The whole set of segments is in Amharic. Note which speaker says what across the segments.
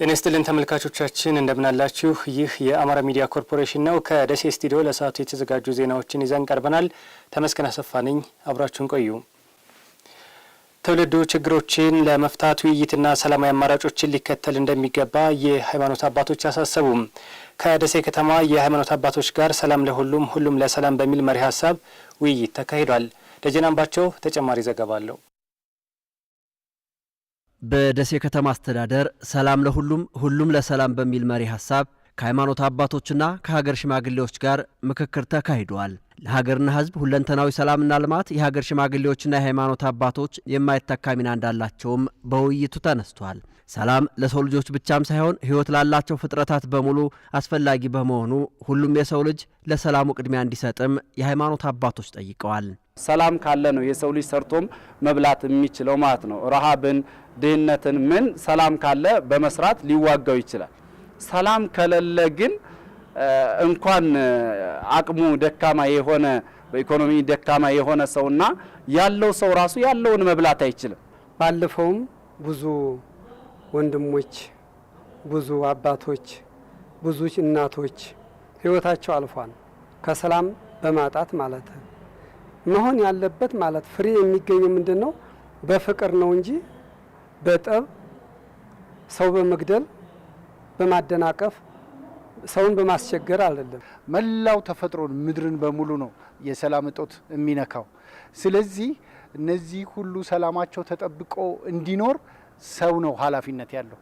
Speaker 1: ጤና ይስጥልን ተመልካቾቻችን እንደምናላችሁ። ይህ የአማራ ሚዲያ ኮርፖሬሽን ነው። ከደሴ ስቱዲዮ ለሰዓቱ የተዘጋጁ ዜናዎችን ይዘን ቀርበናል። ተመስገን አሰፋ ነኝ። አብራችሁን ቆዩ። ትውልዱ ችግሮችን ለመፍታት ውይይትና ሰላማዊ አማራጮችን ሊከተል እንደሚገባ የሃይማኖት አባቶች አሳሰቡም። ከደሴ ከተማ የሃይማኖት አባቶች ጋር ሰላም ለሁሉም ሁሉም ለሰላም በሚል መሪ ሀሳብ ውይይት ተካሂዷል። ደጀን ተጨማሪ ዘገባ አለው። በደሴ ከተማ አስተዳደር ሰላም ለሁሉም ሁሉም ለሰላም በሚል መሪ ሀሳብ ከሃይማኖት አባቶችና ከሀገር ሽማግሌዎች ጋር ምክክር ተካሂደዋል። ለሀገርና ሕዝብ ሁለንተናዊ ሰላምና ልማት የሀገር ሽማግሌዎችና የሃይማኖት አባቶች የማይተካ ሚና እንዳላቸውም በውይይቱ ተነስቷል። ሰላም ለሰው ልጆች ብቻም ሳይሆን ሕይወት ላላቸው ፍጥረታት በሙሉ አስፈላጊ በመሆኑ ሁሉም የሰው ልጅ ለሰላሙ ቅድሚያ እንዲሰጥም የሃይማኖት አባቶች ጠይቀዋል።
Speaker 2: ሰላም ካለ ነው የሰው ልጅ ሰርቶም መብላት የሚችለው ማለት ነው። ረሃብን፣ ድህነትን ምን ሰላም ካለ በመስራት ሊዋጋው ይችላል። ሰላም ከሌለ ግን እንኳን አቅሙ ደካማ የሆነ በኢኮኖሚ ደካማ የሆነ ሰውና ያለው ሰው ራሱ ያለውን መብላት አይችልም።
Speaker 3: ባለፈውም ብዙ ወንድሞች፣ ብዙ አባቶች፣ ብዙ እናቶች ህይወታቸው አልፏል ከሰላም በማጣት ማለት ነው። መሆን ያለበት ማለት ፍሬ የሚገኘው ምንድን ነው? በፍቅር ነው እንጂ በጠብ ሰው በመግደል በማደናቀፍ ሰውን በማስቸገር አይደለም።
Speaker 2: መላው ተፈጥሮን ምድርን በሙሉ ነው የሰላም እጦት የሚነካው። ስለዚህ እነዚህ ሁሉ ሰላማቸው ተጠብቆ እንዲኖር ሰው ነው ኃላፊነት ያለው።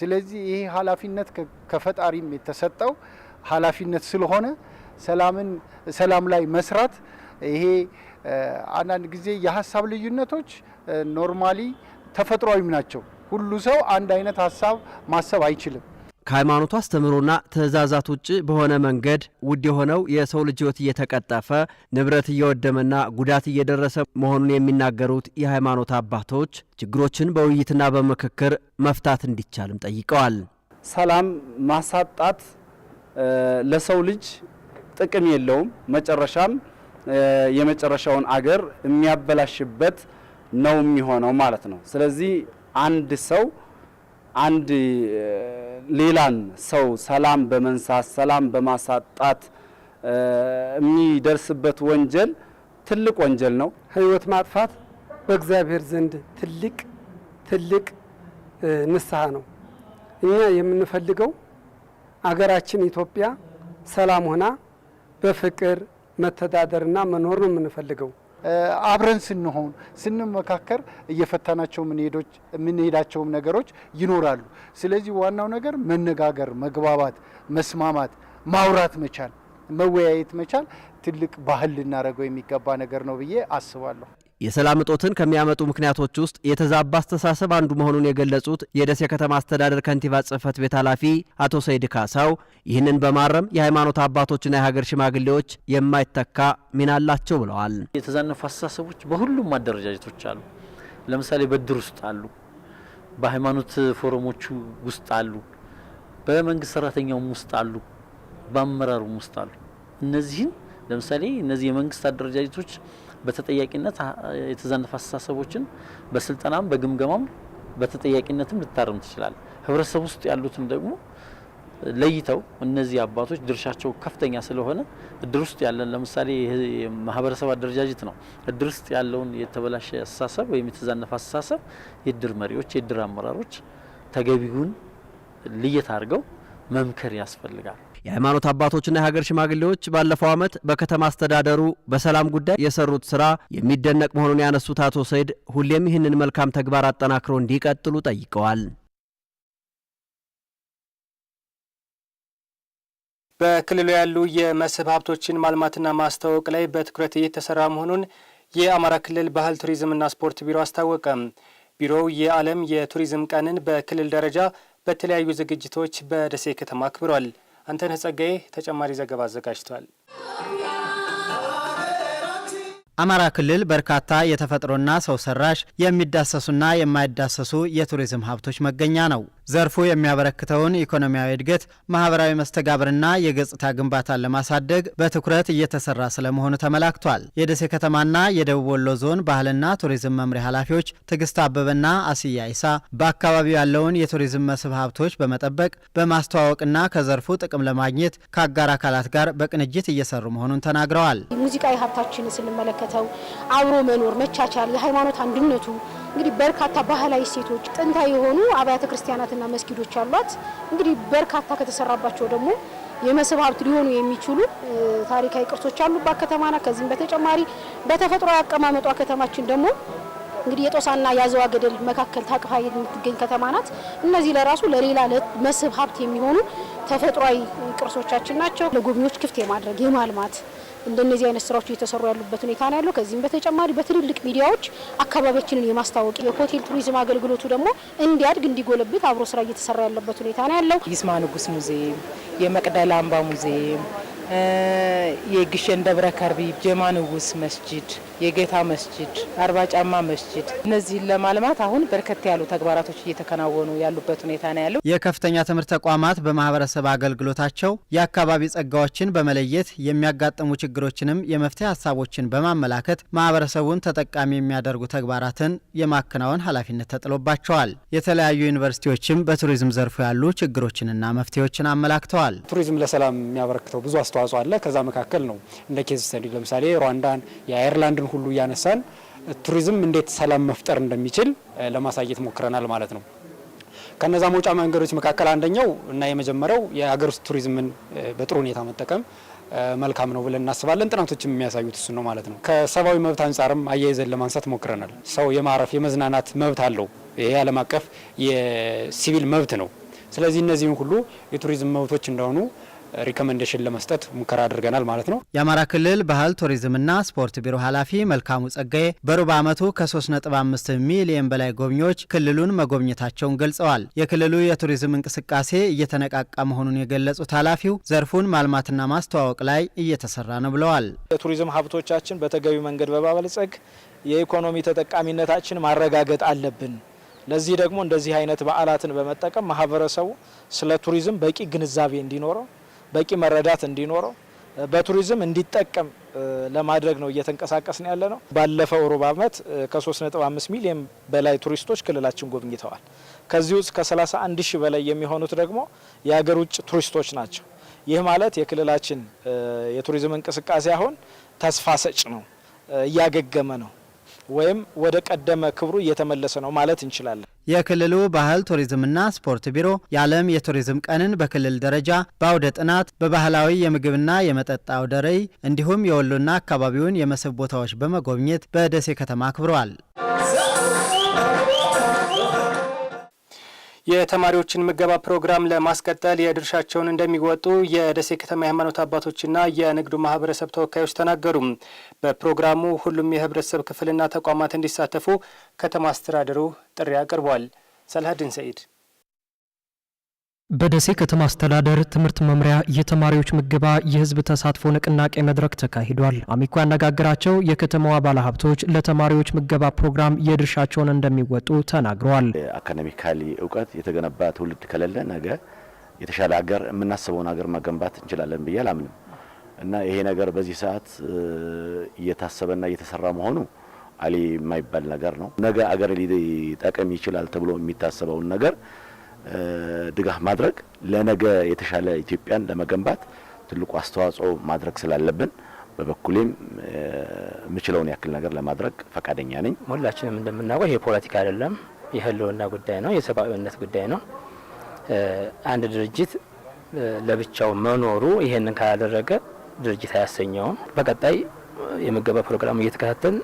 Speaker 2: ስለዚህ ይሄ ኃላፊነት ከፈጣሪም የተሰጠው ኃላፊነት ስለሆነ ሰላምን ሰላም ላይ መስራት ይሄ አንዳንድ ጊዜ የሀሳብ ልዩነቶች ኖርማሊ ተፈጥሯዊም ናቸው። ሁሉ ሰው አንድ አይነት ሀሳብ ማሰብ አይችልም።
Speaker 1: ከሃይማኖቱ አስተምህሮና ትእዛዛት ውጭ በሆነ መንገድ ውድ የሆነው የሰው ልጅ ህይወት እየተቀጠፈ ንብረት እየወደመና ጉዳት እየደረሰ መሆኑን የሚናገሩት የሃይማኖት አባቶች ችግሮችን በውይይትና በምክክር መፍታት እንዲቻልም ጠይቀዋል።
Speaker 2: ሰላም ማሳጣት ለሰው ልጅ ጥቅም የለውም። መጨረሻም የመጨረሻውን አገር የሚያበላሽበት ነው የሚሆነው ማለት ነው። ስለዚህ አንድ ሰው አንድ ሌላን ሰው ሰላም በመንሳት ሰላም በማሳጣት የሚደርስበት ወንጀል ትልቅ ወንጀል ነው።
Speaker 3: ሕይወት ማጥፋት በእግዚአብሔር ዘንድ ትልቅ ትልቅ ንስሐ ነው። እኛ የምንፈልገው አገራችን ኢትዮጵያ ሰላም ሆና በፍቅር መተዳደርና መኖር ነው የምንፈልገው።
Speaker 2: አብረን ስንሆን ስንመካከር እየፈታናቸው የምንሄዳቸውም ነገሮች ይኖራሉ። ስለዚህ ዋናው ነገር መነጋገር፣ መግባባት፣ መስማማት፣ ማውራት መቻል፣ መወያየት መቻል ትልቅ ባህል ልናደርገው የሚገባ ነገር ነው ብዬ አስባለሁ።
Speaker 1: የሰላም እጦትን ከሚያመጡ ምክንያቶች ውስጥ የተዛባ አስተሳሰብ አንዱ መሆኑን የገለጹት የደሴ ከተማ አስተዳደር ከንቲባ ጽህፈት ቤት ኃላፊ አቶ ሰይድ ካሳው ይህንን በማረም የሃይማኖት አባቶችና የሀገር ሽማግሌዎች የማይተካ ሚና አላቸው ብለዋል።
Speaker 4: የተዛነፉ አስተሳሰቦች በሁሉም አደረጃጀቶች አሉ። ለምሳሌ በድር ውስጥ አሉ፣ በሃይማኖት ፎረሞቹ ውስጥ አሉ፣ በመንግስት ሰራተኛውም ውስጥ አሉ፣ በአመራሩም ውስጥ አሉ። እነዚህን ለምሳሌ እነዚህ የመንግስት አደረጃጀቶች በተጠያቂነት የተዛነፈ አስተሳሰቦችን በስልጠናም በግምገማም በተጠያቂነትም ልታርም ትችላል። ህብረተሰብ ውስጥ ያሉትም ደግሞ ለይተው እነዚህ አባቶች ድርሻቸው ከፍተኛ ስለሆነ እድር ውስጥ ያለን ለምሳሌ ማህበረሰብ አደረጃጀት ነው። እድር ውስጥ ያለውን የተበላሸ አስተሳሰብ ወይም የተዛነፈ አስተሳሰብ የእድር መሪዎች፣ የእድር አመራሮች ተገቢውን ልየት አድርገው መምከር ያስፈልጋል።
Speaker 1: የሃይማኖት አባቶችና የሀገር ሽማግሌዎች ባለፈው ዓመት በከተማ አስተዳደሩ በሰላም ጉዳይ የሰሩት ስራ የሚደነቅ መሆኑን ያነሱት አቶ ሰይድ ሁሌም ይህንን መልካም ተግባር አጠናክሮ እንዲቀጥሉ ጠይቀዋል። በክልሉ ያሉ የመስህብ ሀብቶችን ማልማትና ማስተዋወቅ ላይ በትኩረት እየተሰራ መሆኑን የአማራ ክልል ባህል ቱሪዝምና ስፖርት ቢሮ አስታወቀም። ቢሮው የዓለም የቱሪዝም ቀንን በክልል ደረጃ በተለያዩ ዝግጅቶች በደሴ ከተማ አክብሯል። አንተነህ ጸጋዬ ተጨማሪ ዘገባ አዘጋጅቷል። አማራ ክልል በርካታ የተፈጥሮና ሰው ሰራሽ የሚዳሰሱና የማይዳሰሱ የቱሪዝም ሀብቶች መገኛ ነው። ዘርፉ የሚያበረክተውን ኢኮኖሚያዊ እድገት፣ ማህበራዊ መስተጋብርና የገጽታ ግንባታን ለማሳደግ በትኩረት እየተሰራ ስለመሆኑ ተመላክቷል። የደሴ ከተማና የደቡብ ወሎ ዞን ባህልና ቱሪዝም መምሪያ ኃላፊዎች ትዕግስት አበበና አስያ ይሳ በአካባቢው ያለውን የቱሪዝም መስህብ ሀብቶች በመጠበቅ በማስተዋወቅና ከዘርፉ ጥቅም ለማግኘት ከአጋር አካላት ጋር በቅንጅት እየሰሩ መሆኑን ተናግረዋል።
Speaker 5: ሙዚቃዊ ሀብታችን ስንመለከተው አብሮ መኖር፣ መቻቻል፣ የሃይማኖት አንድነቱ እንግዲህ በርካታ ባህላዊ ሴቶች ጥንታዊ የሆኑ አብያተ ክርስቲያናትና መስጊዶች አሏት። እንግዲህ በርካታ ከተሰራባቸው ደግሞ የመስህብ ሀብት ሊሆኑ የሚችሉ ታሪካዊ ቅርሶች አሉባት ከተማ ናት። ከዚህም በተጨማሪ በተፈጥሮ አቀማመጧ ከተማችን ደግሞ እንግዲህ የጦሳና የአዘዋ ገደል መካከል ታቅፋ የምትገኝ ከተማ ናት። እነዚህ ለራሱ ለሌላ መስህብ ሀብት የሚሆኑ ተፈጥሯዊ ቅርሶቻችን ናቸው። ለጎብኚዎች ክፍት የማድረግ የማልማት እንደነዚህ አይነት ስራዎች እየተሰሩ ያሉበት ሁኔታ ነው ያለው። ከዚህም በተጨማሪ በትልልቅ ሚዲያዎች አካባቢያችንን የማስታወቅ የሆቴል ቱሪዝም አገልግሎቱ ደግሞ እንዲያድግ እንዲጎለብት አብሮ ስራ እየተሰራ ያለበት ሁኔታ ነው ያለው።
Speaker 6: ይስማ ንጉስ ሙዚየም፣ የመቅደላ አምባ ሙዚየም የግሸን ደብረ ከርቢ፣ ጀማንውስ መስጅድ፣ የጌታ መስጅድ አርባ ጫማ መስጅድ
Speaker 1: እነዚህን ለማልማት አሁን በርከት ያሉ ተግባራቶች እየተከናወኑ ያሉበት ሁኔታ ነው ያለው። የከፍተኛ ትምህርት ተቋማት በማህበረሰብ አገልግሎታቸው የአካባቢ ጸጋዎችን በመለየት የሚያጋጥሙ ችግሮችንም የመፍትሄ ሀሳቦችን በማመላከት ማህበረሰቡን ተጠቃሚ የሚያደርጉ ተግባራትን የማከናወን ኃላፊነት ተጥሎባቸዋል። የተለያዩ ዩኒቨርሲቲዎችም በቱሪዝም ዘርፉ ያሉ ችግሮችንና መፍትሄዎችን አመላክተዋል።
Speaker 7: ቱሪዝም ለሰላም የሚያበረክተው ብዙ አስተዋ አስተዋጽኦ አለ። ከዛ መካከል ነው እንደ ኬዝ ስተዲ ለምሳሌ ሩዋንዳን የአየርላንድን ሁሉ እያነሳን ቱሪዝም እንዴት ሰላም መፍጠር እንደሚችል ለማሳየት ሞክረናል ማለት ነው። ከነዛ መውጫ መንገዶች መካከል አንደኛው እና የመጀመሪያው የሀገር ውስጥ ቱሪዝምን በጥሩ ሁኔታ መጠቀም መልካም ነው ብለን እናስባለን። ጥናቶችም የሚያሳዩት እሱ ነው ማለት ነው። ከሰብአዊ መብት አንጻርም አያይዘን ለማንሳት ሞክረናል። ሰው የማረፍ የመዝናናት መብት አለው። ይሄ ዓለም አቀፍ የሲቪል መብት ነው። ስለዚህ እነዚህም ሁሉ የቱሪዝም መብቶች እንደሆኑ ሪኮመንዴሽን ለመስጠት ሙከራ አድርገናል ማለት ነው።
Speaker 1: የአማራ ክልል ባህል ቱሪዝምና ስፖርት ቢሮ ኃላፊ መልካሙ ጸጋዬ በሩብ ዓመቱ ከ3.5 ሚሊዮን በላይ ጎብኚዎች ክልሉን መጎብኘታቸውን ገልጸዋል። የክልሉ የቱሪዝም እንቅስቃሴ እየተነቃቃ መሆኑን የገለጹት ኃላፊው ዘርፉን ማልማትና ማስተዋወቅ ላይ እየተሰራ ነው ብለዋል።
Speaker 8: የቱሪዝም ሀብቶቻችን በተገቢ መንገድ በማበልጸግ የኢኮኖሚ ተጠቃሚነታችን ማረጋገጥ አለብን። ለዚህ ደግሞ እንደዚህ አይነት በዓላትን በመጠቀም ማህበረሰቡ ስለ ቱሪዝም በቂ ግንዛቤ እንዲኖረው በቂ መረዳት እንዲኖረው በቱሪዝም እንዲጠቀም ለማድረግ ነው እየተንቀሳቀስን ያለ ነው። ባለፈው ሩብ ዓመት ከ3.5 ሚሊዮን በላይ ቱሪስቶች ክልላችን ጎብኝተዋል። ከዚህ ውስጥ ከ31 ሺህ በላይ የሚሆኑት ደግሞ የሀገር ውጭ ቱሪስቶች ናቸው። ይህ ማለት የክልላችን የቱሪዝም እንቅስቃሴ አሁን ተስፋ ሰጭ ነው፣ እያገገመ ነው። ወይም ወደ ቀደመ ክብሩ እየተመለሰ ነው ማለት እንችላለን።
Speaker 1: የክልሉ ባህል ቱሪዝምና ስፖርት ቢሮ የዓለም የቱሪዝም ቀንን በክልል ደረጃ በአውደ ጥናት በባህላዊ የምግብና የመጠጥ አውደ ርዕይ እንዲሁም የወሎና አካባቢውን የመስህብ ቦታዎች በመጎብኘት በደሴ ከተማ አክብረዋል። የተማሪዎችን ምገባ ፕሮግራም ለማስቀጠል የድርሻቸውን እንደሚወጡ የደሴ ከተማ የሃይማኖት አባቶችና የንግዱ ማህበረሰብ ተወካዮች ተናገሩ። በፕሮግራሙ ሁሉም የህብረተሰብ ክፍልና ተቋማት እንዲሳተፉ ከተማ አስተዳደሩ ጥሪ አቅርቧል። ሰልሀዲን ሰኢድ በደሴ ከተማ አስተዳደር ትምህርት መምሪያ የተማሪዎች ምገባ የህዝብ ተሳትፎ ንቅናቄ መድረክ ተካሂዷል። አሚኮ ያነጋገራቸው የከተማዋ ባለሀብቶች ለተማሪዎች ምገባ ፕሮግራም የድርሻቸውን እንደሚወጡ ተናግረዋል።
Speaker 9: አካደሚካሊ እውቀት የተገነባ ትውልድ ከሌለ ነገ የተሻለ ሀገር የምናስበውን ሀገር መገንባት እንችላለን ብዬ አላምንም እና ይሄ ነገር በዚህ ሰዓት እየታሰበና እየተሰራ መሆኑ አሊ የማይባል ነገር ነው። ነገ አገር ሊጠቅም ይችላል ተብሎ የሚታሰበውን ነገር ድጋፍ ማድረግ ለነገ የተሻለ ኢትዮጵያን ለመገንባት ትልቁ አስተዋጽኦ ማድረግ ስላለብን በበኩሌም የምችለውን ያክል ነገር ለማድረግ ፈቃደኛ ነኝ።
Speaker 10: ሁላችንም እንደምናውቀው ይሄ ፖለቲካ አይደለም፣ የህልውና ጉዳይ ነው፣ የሰብአዊነት ጉዳይ ነው። አንድ ድርጅት ለብቻው መኖሩ ይሄንን ካላደረገ ድርጅት አያሰኘውም። በቀጣይ የምገባ ፕሮግራም እየተከታተል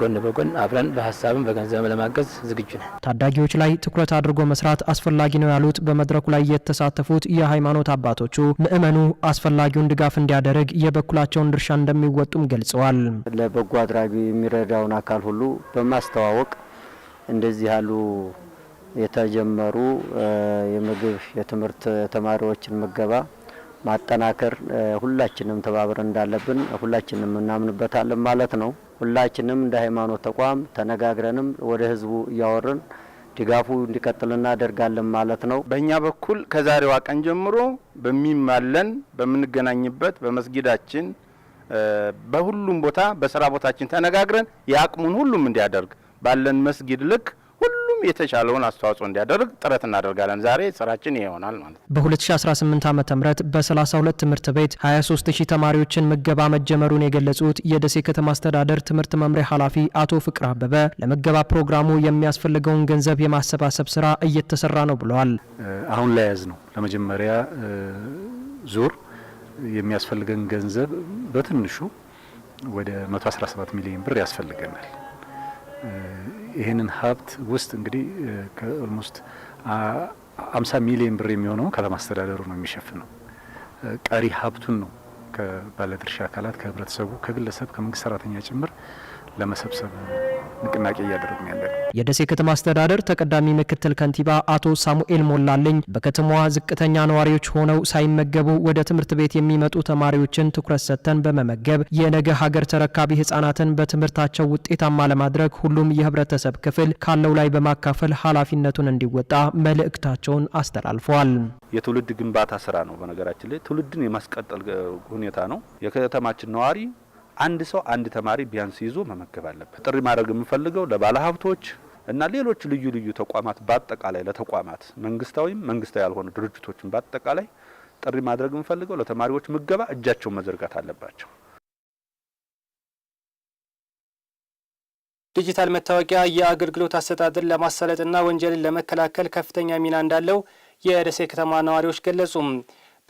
Speaker 10: ጎን በጎን አብረን በሀሳብም በገንዘብ ለማገዝ ዝግጁ ነን።
Speaker 1: ታዳጊዎች ላይ ትኩረት አድርጎ መስራት አስፈላጊ ነው ያሉት በመድረኩ ላይ የተሳተፉት የሃይማኖት አባቶቹ ምእመኑ አስፈላጊውን ድጋፍ እንዲያደርግ የበኩላቸውን ድርሻ እንደሚወጡም ገልጸዋል።
Speaker 11: ለበጎ አድራጊ የሚረዳውን አካል ሁሉ በማስተዋወቅ እንደዚህ ያሉ የተጀመሩ የምግብ የትምህርት ተማሪዎችን ምገባ ማጠናከር ሁላችንም ተባብረ እንዳለብን ሁላችንም እናምንበታለን ማለት ነው። ሁላችንም እንደ ሃይማኖት ተቋም ተነጋግረንም ወደ ህዝቡ እያወርን ድጋፉ እንዲቀጥል እናደርጋለን ማለት ነው።
Speaker 12: በእኛ በኩል ከዛሬዋ ቀን ጀምሮ በሚማለን በምንገናኝበት በመስጊዳችን በሁሉም ቦታ በስራ ቦታችን ተነጋግረን የአቅሙን ሁሉም እንዲያደርግ ባለን መስጊድ ልክ የተቻለውን አስተዋጽኦ እንዲያደርግ ጥረት እናደርጋለን። ዛሬ ስራችን ይሆናል ማለት ነው።
Speaker 1: በ2018 ዓ ም በ32 ትምህርት ቤት 23 ሺህ ተማሪዎችን ምገባ መጀመሩን የገለጹት የደሴ ከተማ አስተዳደር ትምህርት መምሪያ ኃላፊ አቶ ፍቅር አበበ ለምገባ ፕሮግራሙ የሚያስፈልገውን ገንዘብ የማሰባሰብ ስራ እየተሰራ ነው ብለዋል።
Speaker 13: አሁን ላይ ያዝ ነው ለመጀመሪያ ዙር የሚያስፈልገን ገንዘብ በትንሹ ወደ 117 ሚሊዮን ብር ያስፈልገናል። ይህንን ሀብት ውስጥ እንግዲህ ከኦልሞስት አምሳ ሚሊዮን ብር የሚሆነው ከተማ አስተዳደሩ ነው የሚሸፍነው። ቀሪ ሀብቱን ነው ከባለድርሻ አካላት ከህብረተሰቡ፣ ከግለሰብ፣ ከመንግስት ሰራተኛ ጭምር ለመሰብሰብ ነው። ንቅናቄ እያደረግን ያለ ነው።
Speaker 1: የደሴ ከተማ አስተዳደር ተቀዳሚ ምክትል ከንቲባ አቶ ሳሙኤል ሞላለኝ በከተማዋ ዝቅተኛ ነዋሪዎች ሆነው ሳይመገቡ ወደ ትምህርት ቤት የሚመጡ ተማሪዎችን ትኩረት ሰጥተን በመመገብ የነገ ሀገር ተረካቢ ህጻናትን በትምህርታቸው ውጤታማ ለማድረግ ሁሉም የህብረተሰብ ክፍል ካለው ላይ በማካፈል ኃላፊነቱን እንዲወጣ መልእክታቸውን አስተላልፈዋል።
Speaker 14: የትውልድ ግንባታ ስራ ነው። በነገራችን ላይ ትውልድን የማስቀጠል ሁኔታ ነው። የከተማችን ነዋሪ አንድ ሰው አንድ ተማሪ ቢያንስ ይዞ መመገብ አለበት። ጥሪ ማድረግ የምፈልገው ለባለ ሀብቶች እና ሌሎች ልዩ ልዩ ተቋማት በአጠቃላይ ለተቋማት መንግስታዊም መንግስታዊ ያልሆኑ ድርጅቶችን በአጠቃላይ ጥሪ ማድረግ የምፈልገው ለተማሪዎች ምገባ እጃቸውን መዘርጋት አለባቸው።
Speaker 1: ዲጂታል መታወቂያ የአገልግሎት አሰጣጥን ለማሳለጥና ወንጀልን ለመከላከል ከፍተኛ ሚና እንዳለው የደሴ ከተማ ነዋሪዎች ገለጹም።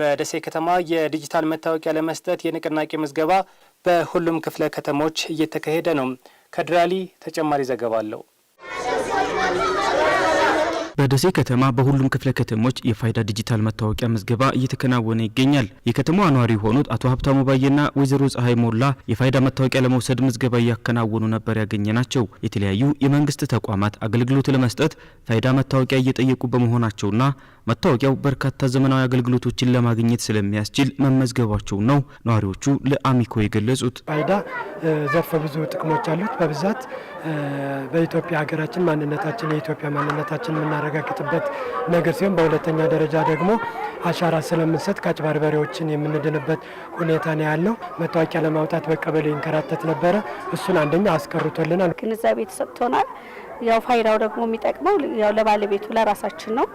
Speaker 1: በደሴ ከተማ የዲጂታል መታወቂያ ለመስጠት የንቅናቄ ምዝገባ በሁሉም ክፍለ ከተሞች እየተካሄደ ነው። ከድራሊ ተጨማሪ ዘገባ አለው። በደሴ ከተማ በሁሉም ክፍለ ከተሞች የፋይዳ ዲጂታል መታወቂያ ምዝገባ እየተከናወነ ይገኛል። የከተማዋ ነዋሪ የሆኑት አቶ ሀብታሙ ባየና ወይዘሮ ፀሐይ ሞላ የፋይዳ መታወቂያ ለመውሰድ ምዝገባ እያከናወኑ ነበር ያገኘ ናቸው። የተለያዩ የመንግስት ተቋማት አገልግሎት ለመስጠት ፋይዳ መታወቂያ እየጠየቁ በመሆናቸውና መታወቂያው በርካታ ዘመናዊ አገልግሎቶችን ለማግኘት ስለሚያስችል መመዝገባቸው ነው ነዋሪዎቹ ለአሚኮ የገለጹት።
Speaker 15: ፋይዳ ዘርፈ ብዙ ጥቅሞች አሉት። በብዛት በኢትዮጵያ ሀገራችን ማንነታችን የኢትዮጵያ ማንነታችን የምናረጋግጥበት ነገር ሲሆን በሁለተኛ ደረጃ ደግሞ አሻራ ስለምንሰጥ ከአጭበርባሪዎችን የምንድንበት ሁኔታ ነው ያለው። መታወቂያ ለማውጣት በቀበሌ ይንከራተት ነበረ። እሱን አንደኛ አስቀርቶልናል።
Speaker 16: ግንዛቤ ተሰጥቶናል። ያው ፋይዳው ደግሞ የሚጠቅመው ያው ለባለቤቱ ለራሳችን ነው።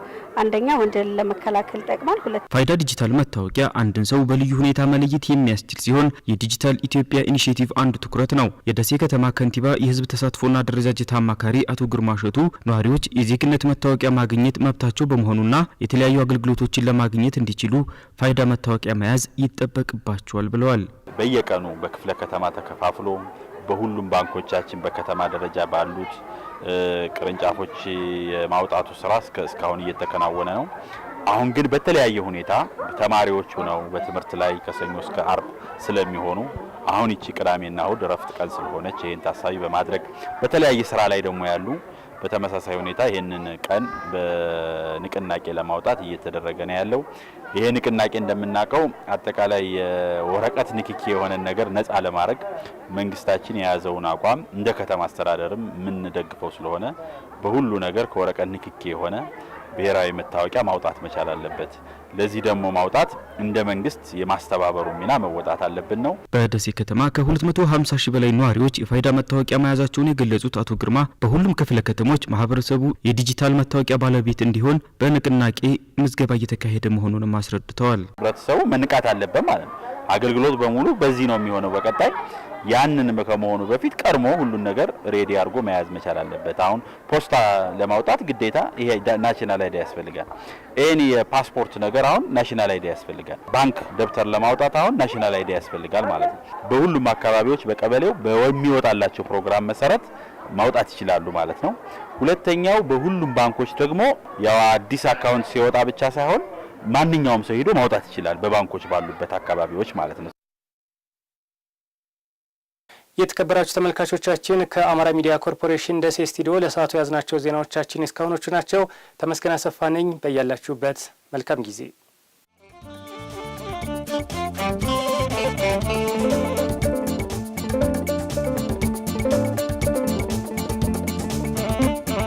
Speaker 16: አንደኛ ወንጀል ለመከላከል ይጠቅማል። ሁለት
Speaker 1: ፋይዳ ዲጂታል መታወቂያ አንድን ሰው በልዩ ሁኔታ መለየት የሚያስችል ሲሆን የዲጂታል ኢትዮጵያ ኢኒሽቲቭ አንዱ ትኩረት ነው። የደሴ ከተማ ከንቲባ የህዝብ ተሳትፎና አደረጃጀት አማካሪ አቶ ግርማ ሸቱ ነዋሪዎች የዜግነት መታወቂያ ማግኘት መብታቸው በመሆኑና የተለያዩ አገልግሎቶችን ለማግኘት እንዲችሉ ፋይዳ መታወቂያ መያዝ ይጠበቅባቸዋል ብለዋል።
Speaker 17: በየቀኑ በክፍለ ከተማ ተከፋፍሎ በሁሉም ባንኮቻችን በከተማ ደረጃ ባሉት ቅርንጫፎች የማውጣቱ ስራ እስካሁን እየተከናወነ ነው። አሁን ግን በተለያየ ሁኔታ ተማሪዎች ሆነው በትምህርት ላይ ከሰኞ እስከ አርብ ስለሚሆኑ አሁን ይቺ ቅዳሜና እሁድ እረፍት ቀን ስለሆነች ይህን ታሳቢ በማድረግ በተለያየ ስራ ላይ ደግሞ ያሉ በተመሳሳይ ሁኔታ ይህንን ቀን በንቅናቄ ለማውጣት እየተደረገ ነው ያለው። ይሄ ንቅናቄ እንደምናውቀው አጠቃላይ የወረቀት ንክኪ የሆነን ነገር ነፃ ለማድረግ መንግስታችን የያዘውን አቋም እንደ ከተማ አስተዳደርም የምንደግፈው ስለሆነ በሁሉ ነገር ከወረቀት ንክኪ የሆነ ብሔራዊ መታወቂያ ማውጣት መቻል አለበት። ለዚህ ደግሞ ማውጣት እንደ መንግስት የማስተባበሩ ሚና መወጣት አለብን ነው።
Speaker 1: በደሴ ከተማ ከ250 ሺህ በላይ ነዋሪዎች የፋይዳ መታወቂያ መያዛቸውን የገለጹት አቶ ግርማ በሁሉም ክፍለ ከተሞች ማህበረሰቡ የዲጂታል መታወቂያ ባለቤት እንዲሆን በንቅናቄ ምዝገባ እየተካሄደ መሆኑንም አስረድተዋል።
Speaker 18: ህብረተሰቡ መንቃት አለበት ማለት ነው። አገልግሎት በሙሉ በዚህ ነው የሚሆነው በቀጣይ ያንን ከመሆኑ በፊት ቀድሞ ሁሉን ነገር ሬዲ አድርጎ መያዝ መቻል አለበት። አሁን ፖስታ ለማውጣት ግዴታ ይሄ ናሽናል አይዲ ያስፈልጋል። ኤኒ የፓስፖርት ነገር አሁን ናሽናል አይዲ ያስፈልጋል። ባንክ ደብተር ለማውጣት አሁን ናሽናል አይዲ ያስፈልጋል ማለት ነው። በሁሉም አካባቢዎች በቀበሌው በሚወጣላቸው ፕሮግራም መሰረት ማውጣት ይችላሉ ማለት ነው። ሁለተኛው በሁሉም ባንኮች ደግሞ ያው አዲስ አካውንት ሲወጣ ብቻ ሳይሆን ማንኛውም ሰው ሄዶ ማውጣት ይችላል፣ በባንኮች ባሉበት አካባቢዎች ማለት ነው።
Speaker 1: የተከበራችሁ ተመልካቾቻችን ከአማራ ሚዲያ ኮርፖሬሽን ደሴ ስቱዲዮ ለሰዓቱ የያዝናቸው ዜናዎቻችን እስካሁኖቹ ናቸው። ተመስገን አሰፋ ነኝ። በያላችሁበት መልካም ጊዜ